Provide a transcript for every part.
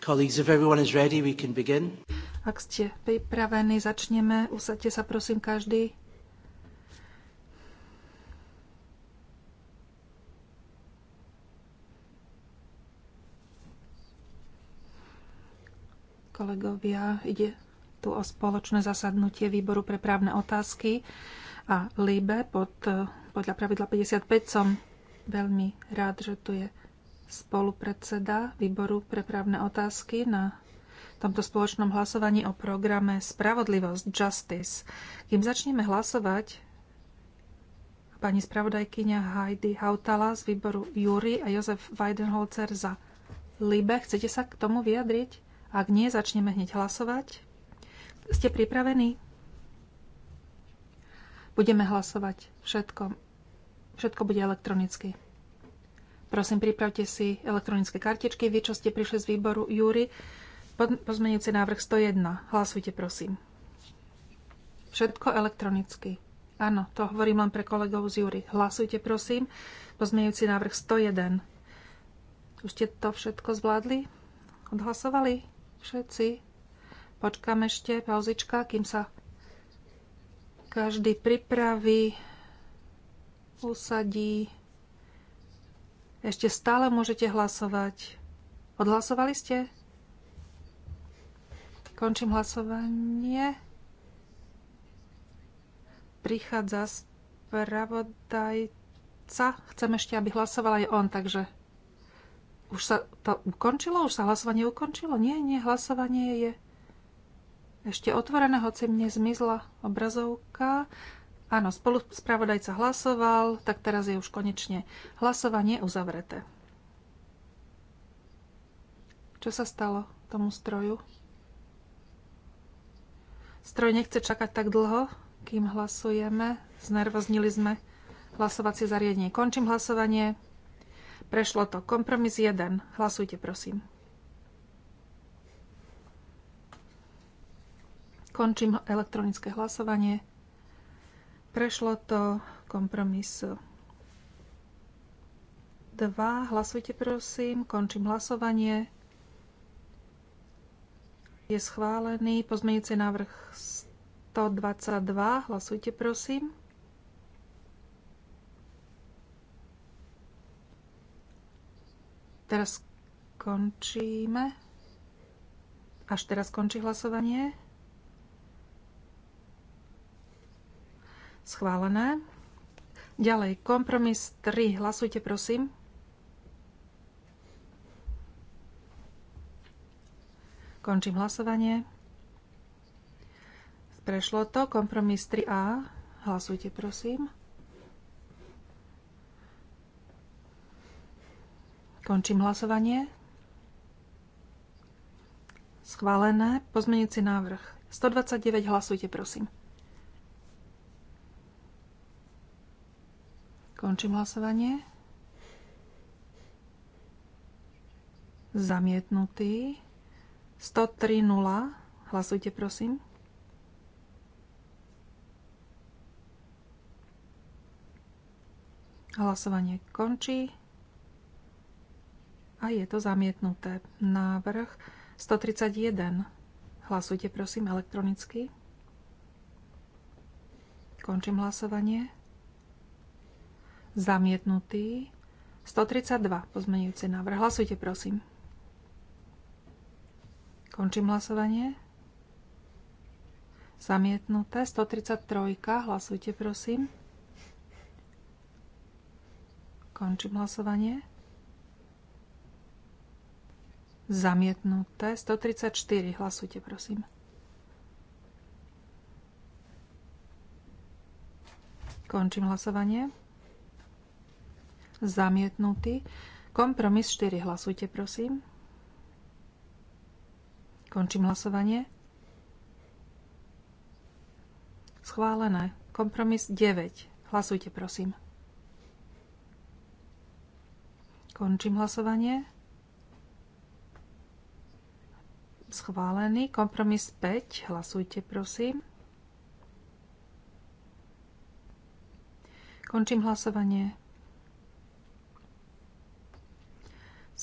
Colleagues, if everyone is ready, we can begin. Ak ste pripravení, začneme. Usadte sa prosím každý. Kolegovia, ide tu o spoločné zasadnutie výboru pre právne otázky a LIBE pod, eh, podľa pravidla 55. Som veľmi rád, že tu je spolupredseda Výboru pre právne otázky na tomto spoločnom hlasovaní o programe Spravodlivosť, Justice. Kým začneme hlasovať, pani spravodajkyňa Heidi Hautala z výboru Jury a Jozef Weidenholzer za Libe. Chcete sa k tomu vyjadriť? Ak nie, začneme hneď hlasovať. Ste pripravení? Budeme hlasovať všetko. Všetko bude elektronicky. Prosím, pripravte si elektronické kartičky. Vy, čo ste prišli z výboru Júry, pozmenujúci návrh 101. Hlasujte, prosím. Všetko elektronicky. Áno, to hovorím len pre kolegov z Júry. Hlasujte, prosím. Pozmenujúci návrh 101. Už ste to všetko zvládli? Odhlasovali? Všetci? Počkám ešte, pauzička, kým sa každý pripraví, usadí. Ešte stále môžete hlasovať. Odhlasovali ste? Končím hlasovanie. Prichádza spravodajca. Chcem ešte, aby hlasoval aj on, takže už sa to ukončilo? Už sa hlasovanie ukončilo? Nie, nie, hlasovanie je ešte otvorené, hoci mne zmizla obrazovka. Áno, spolu spravodajca hlasoval, tak teraz je už konečne hlasovanie uzavreté. Čo sa stalo tomu stroju? Stroj nechce čakať tak dlho, kým hlasujeme. Znervoznili sme hlasovacie zariadenie. Končím hlasovanie. Prešlo to. Kompromis 1. Hlasujte, prosím. Končím elektronické hlasovanie. Prešlo to kompromis 2. Hlasujte prosím. Končím hlasovanie. Je schválený pozmeňujúci návrh 122. Hlasujte prosím. Teraz končíme. Až teraz končí hlasovanie. Schválené. Ďalej, kompromis 3. Hlasujte, prosím. Končím hlasovanie. Prešlo to. Kompromis 3A. Hlasujte, prosím. Končím hlasovanie. Schválené. Pozmenujúci návrh. 129. Hlasujte, prosím. Končím hlasovanie. Zamietnutý. 0. Hlasujte, prosím. Hlasovanie končí. A je to zamietnuté. Návrh 131. Hlasujte, prosím, elektronicky. Končím hlasovanie. Zamietnutý. 132 pozmeňujúci návrh. Hlasujte, prosím. Končím hlasovanie. Zamietnuté. 133. Hlasujte, prosím. Končím hlasovanie. Zamietnuté. 134. Hlasujte, prosím. Končím hlasovanie. Zamietnutý. Kompromis 4. Hlasujte, prosím. Končím hlasovanie. Schválené. Kompromis 9. Hlasujte, prosím. Končím hlasovanie. Schválený. Kompromis 5. Hlasujte, prosím. Končím hlasovanie.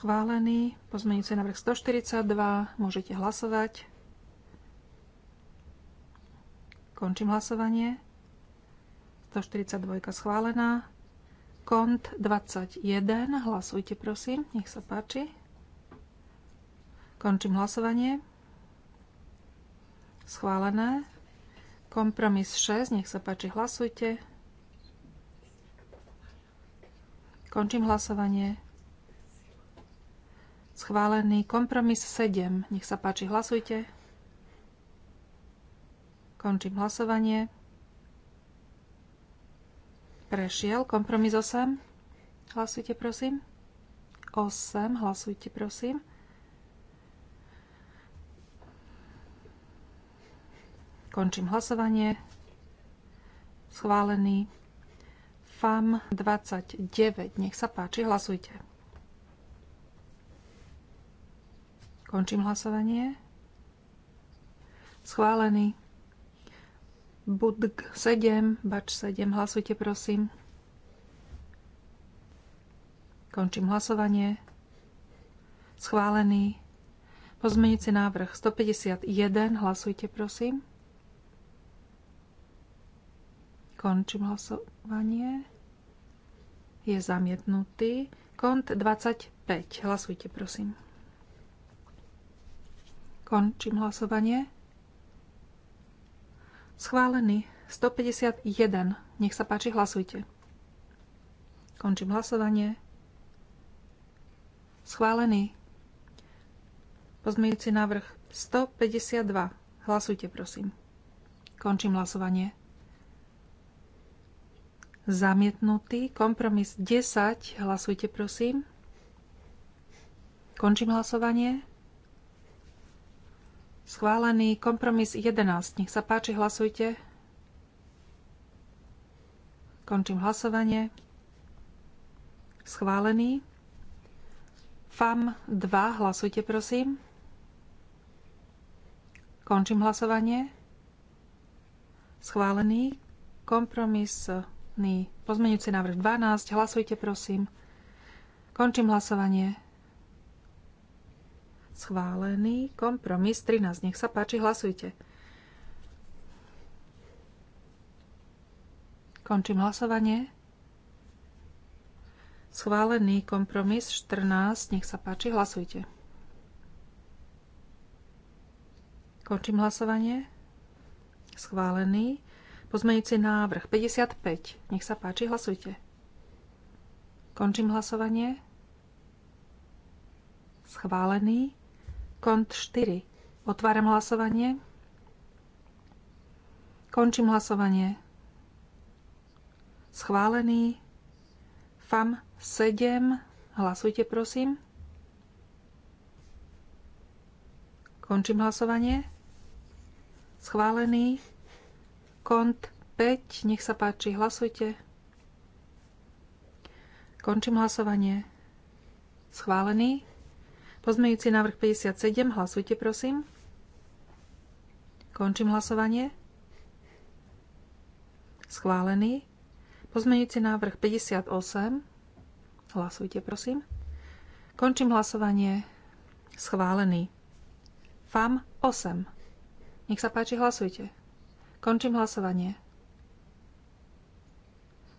Schválený pozmeňujúci návrh 142. Môžete hlasovať. Končím hlasovanie. 142 schválená. Kont 21. Hlasujte prosím. Nech sa páči. Končím hlasovanie. Schválené. Kompromis 6. Nech sa páči. Hlasujte. Končím hlasovanie. Schválený kompromis 7. Nech sa páči, hlasujte. Končím hlasovanie. Prešiel kompromis 8. Hlasujte, prosím. 8. Hlasujte, prosím. Končím hlasovanie. Schválený. FAM 29. Nech sa páči, hlasujte. Končím hlasovanie. Schválený. Budg 7, bač 7, hlasujte prosím. Končím hlasovanie. Schválený. Pozmenici návrh 151, hlasujte prosím. Končím hlasovanie. Je zamietnutý. Kont 25, hlasujte prosím. Končím hlasovanie. Schválený 151. Nech sa páči, hlasujte. Končím hlasovanie. Schválený. Pozmejúci návrh 152. Hlasujte, prosím. Končím hlasovanie. Zamietnutý. Kompromis 10. Hlasujte, prosím. Končím hlasovanie. Schválený kompromis 11. Nech sa páči, hlasujte. Končím hlasovanie. Schválený. FAM 2. Hlasujte, prosím. Končím hlasovanie. Schválený. Kompromisný pozmeňujúci návrh 12. Hlasujte, prosím. Končím hlasovanie schválený. Kompromis 13. Nech sa páči, hlasujte. Končím hlasovanie. Schválený kompromis 14. Nech sa páči, hlasujte. Končím hlasovanie. Schválený. Pozmeňujúci návrh 55. Nech sa páči, hlasujte. Končím hlasovanie schválený. Kont 4. Otváram hlasovanie. Končím hlasovanie. Schválený. FAM 7. Hlasujte, prosím. Končím hlasovanie. Schválený. Kont 5. Nech sa páči, hlasujte. Končím hlasovanie. Schválený. Pozmejúci návrh 57. Hlasujte, prosím. Končím hlasovanie. Schválený. Pozmejúci návrh 58. Hlasujte, prosím. Končím hlasovanie. Schválený. FAM 8. Nech sa páči, hlasujte. Končím hlasovanie.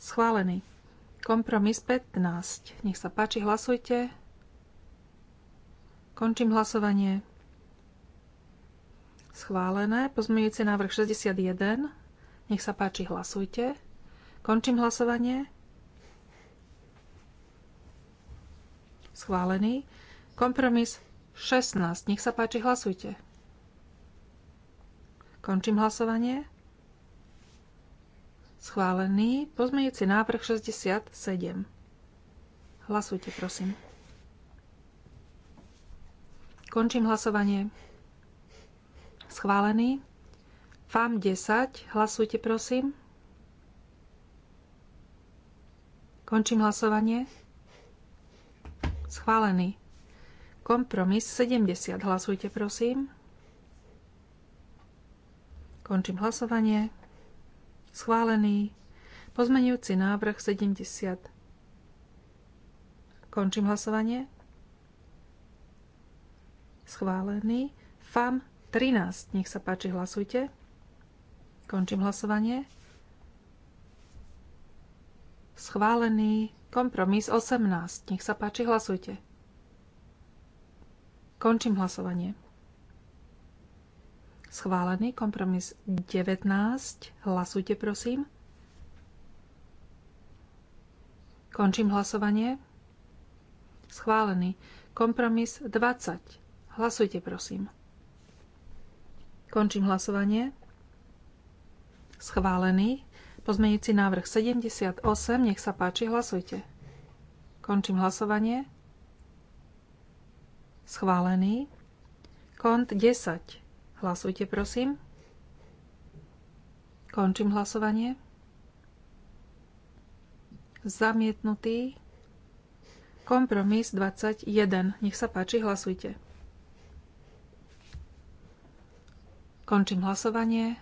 Schválený. Kompromis 15. Nech sa páči, hlasujte. Končím hlasovanie. Schválené. Pozmeňujúci návrh 61. Nech sa páči, hlasujte. Končím hlasovanie. Schválený. Kompromis 16. Nech sa páči, hlasujte. Končím hlasovanie. Schválený. Pozmeňujúci návrh 67. Hlasujte, prosím. Končím hlasovanie. Schválený. FAM 10. Hlasujte, prosím. Končím hlasovanie. Schválený. Kompromis 70. Hlasujte, prosím. Končím hlasovanie. Schválený. Pozmenujúci návrh 70. Končím hlasovanie schválený. FAM 13, nech sa páči, hlasujte. Končím hlasovanie. Schválený kompromis 18, nech sa páči, hlasujte. Končím hlasovanie. Schválený kompromis 19, hlasujte prosím. Končím hlasovanie. Schválený kompromis 20. Hlasujte, prosím. Končím hlasovanie. Schválený. Pozmeňujúci návrh 78. Nech sa páči, hlasujte. Končím hlasovanie. Schválený. Kont 10. Hlasujte, prosím. Končím hlasovanie. Zamietnutý. Kompromis 21. Nech sa páči, hlasujte. Končím hlasovanie.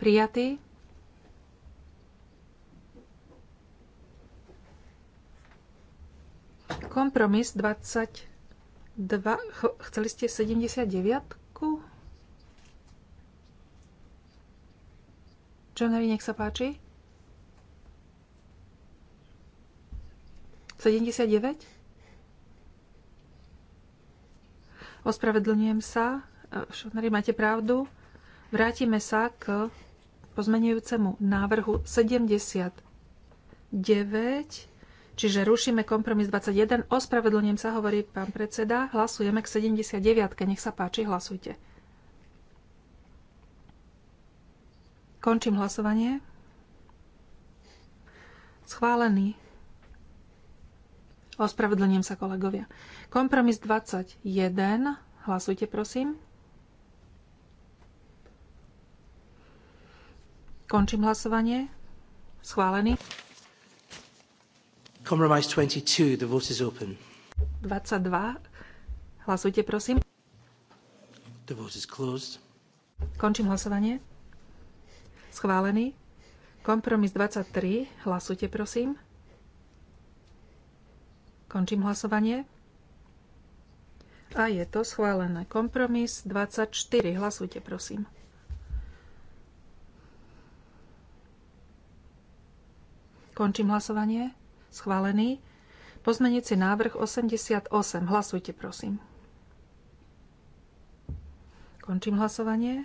Prijatý. Kompromis 22. Chceli ste 79? Čo Johnovi, nech sa páči. 79? Ospravedlňujem sa. E, Šnari, máte pravdu. Vrátime sa k pozmenujúcemu návrhu 79, čiže rušíme kompromis 21. Ospravedlňujem sa, hovorí pán predseda. Hlasujeme k 79. Nech sa páči, hlasujte. Končím hlasovanie. Schválený. Ospravedlňujem sa, kolegovia. Kompromis 21. Hlasujte, prosím. Končím hlasovanie. Schválený. Kompromis 22. The vote is open. 22. Hlasujte, prosím. The vote is closed. Končím hlasovanie. Schválený. Kompromis 23. Hlasujte, prosím. Končím hlasovanie. A je to schválené. Kompromis 24. Hlasujte, prosím. Končím hlasovanie. Schválený. si návrh 88. Hlasujte, prosím. Končím hlasovanie.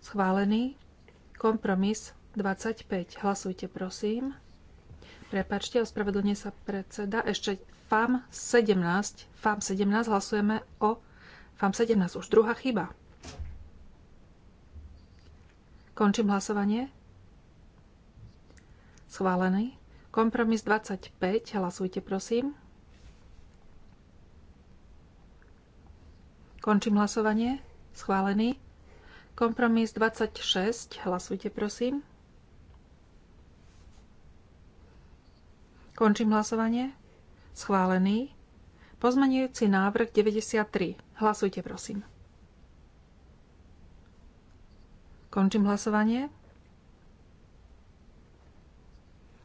Schválený. Kompromis 25. Hlasujte, prosím. Prepačte, ospravedlne sa predseda. Ešte FAM 17. FAM 17 hlasujeme o FAM 17. Už druhá chyba. Končím hlasovanie. Schválený. Kompromis 25. Hlasujte, prosím. Končím hlasovanie. Schválený. Kompromis 26. Hlasujte, prosím. Končím hlasovanie. Schválený. Pozmenujúci návrh 93. Hlasujte, prosím. Končím hlasovanie.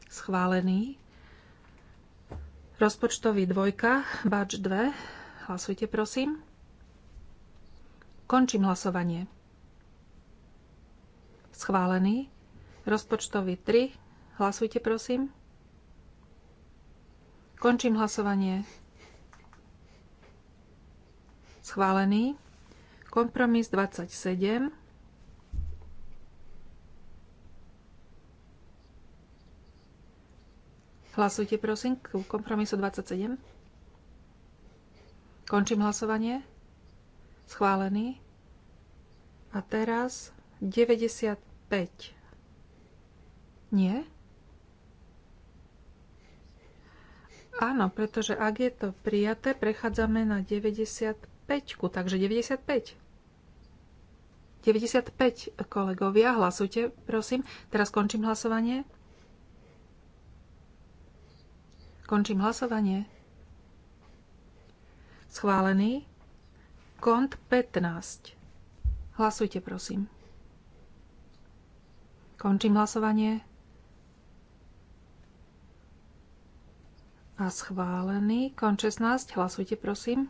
Schválený. Rozpočtový dvojka, bač 2. Hlasujte, prosím. Končím hlasovanie. Schválený. Rozpočtový 3. Hlasujte, prosím. Končím hlasovanie. Schválený. Kompromis 27. Hlasujte prosím k kompromisu 27. Končím hlasovanie. Schválený. A teraz 95. Nie? Áno, pretože ak je to prijaté, prechádzame na 95. Takže 95. 95 kolegovia, hlasujte, prosím. Teraz končím hlasovanie. Končím hlasovanie. Schválený. Kont 15. Hlasujte, prosím. Končím hlasovanie. a schválený. Kon 16. Hlasujte, prosím.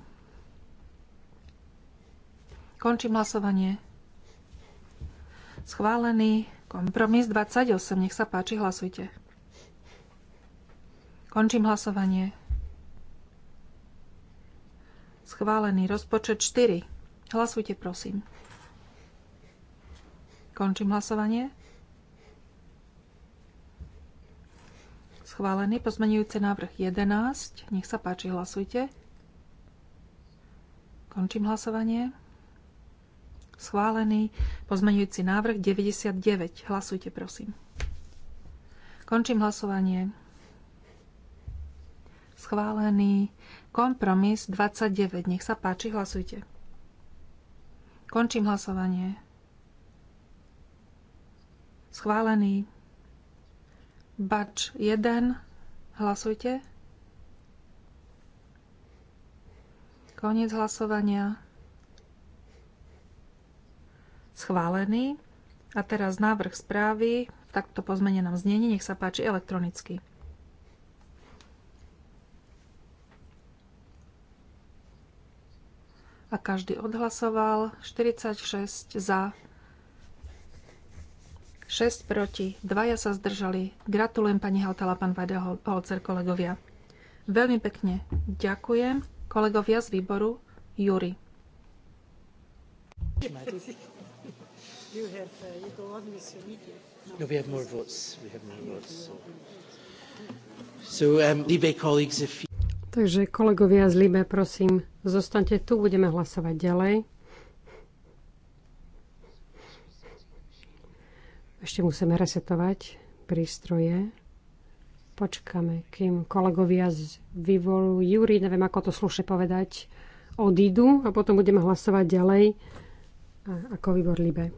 Končím hlasovanie. Schválený. Kompromis 28. Nech sa páči, hlasujte. Končím hlasovanie. Schválený rozpočet 4. Hlasujte, prosím. Končím hlasovanie. Schválený pozmenujúci návrh 11. Nech sa páči, hlasujte. Končím hlasovanie. Schválený pozmenujúci návrh 99. Hlasujte, prosím. Končím hlasovanie. Schválený kompromis 29. Nech sa páči, hlasujte. Končím hlasovanie. Schválený Bač 1. Hlasujte. Koniec hlasovania. Schválený. A teraz návrh správy v takto pozmenenom znení. Nech sa páči elektronicky. A každý odhlasoval. 46 za, 6 proti, dvaja sa zdržali. Gratulujem pani Haltala, pán Vajda Holcer, kolegovia. Veľmi pekne ďakujem kolegovia z výboru Júri. Uh, no, we have more votes. We have more votes. So, so um, Libe colleagues, if you... Takže kolegovia z Libe, prosím, zostaňte tu, budeme hlasovať ďalej. Ešte musíme resetovať prístroje. Počkame, kým kolegovia z vyvolujú Júri, neviem ako to slušne povedať, odídu a potom budeme hlasovať ďalej ako výbor Libe.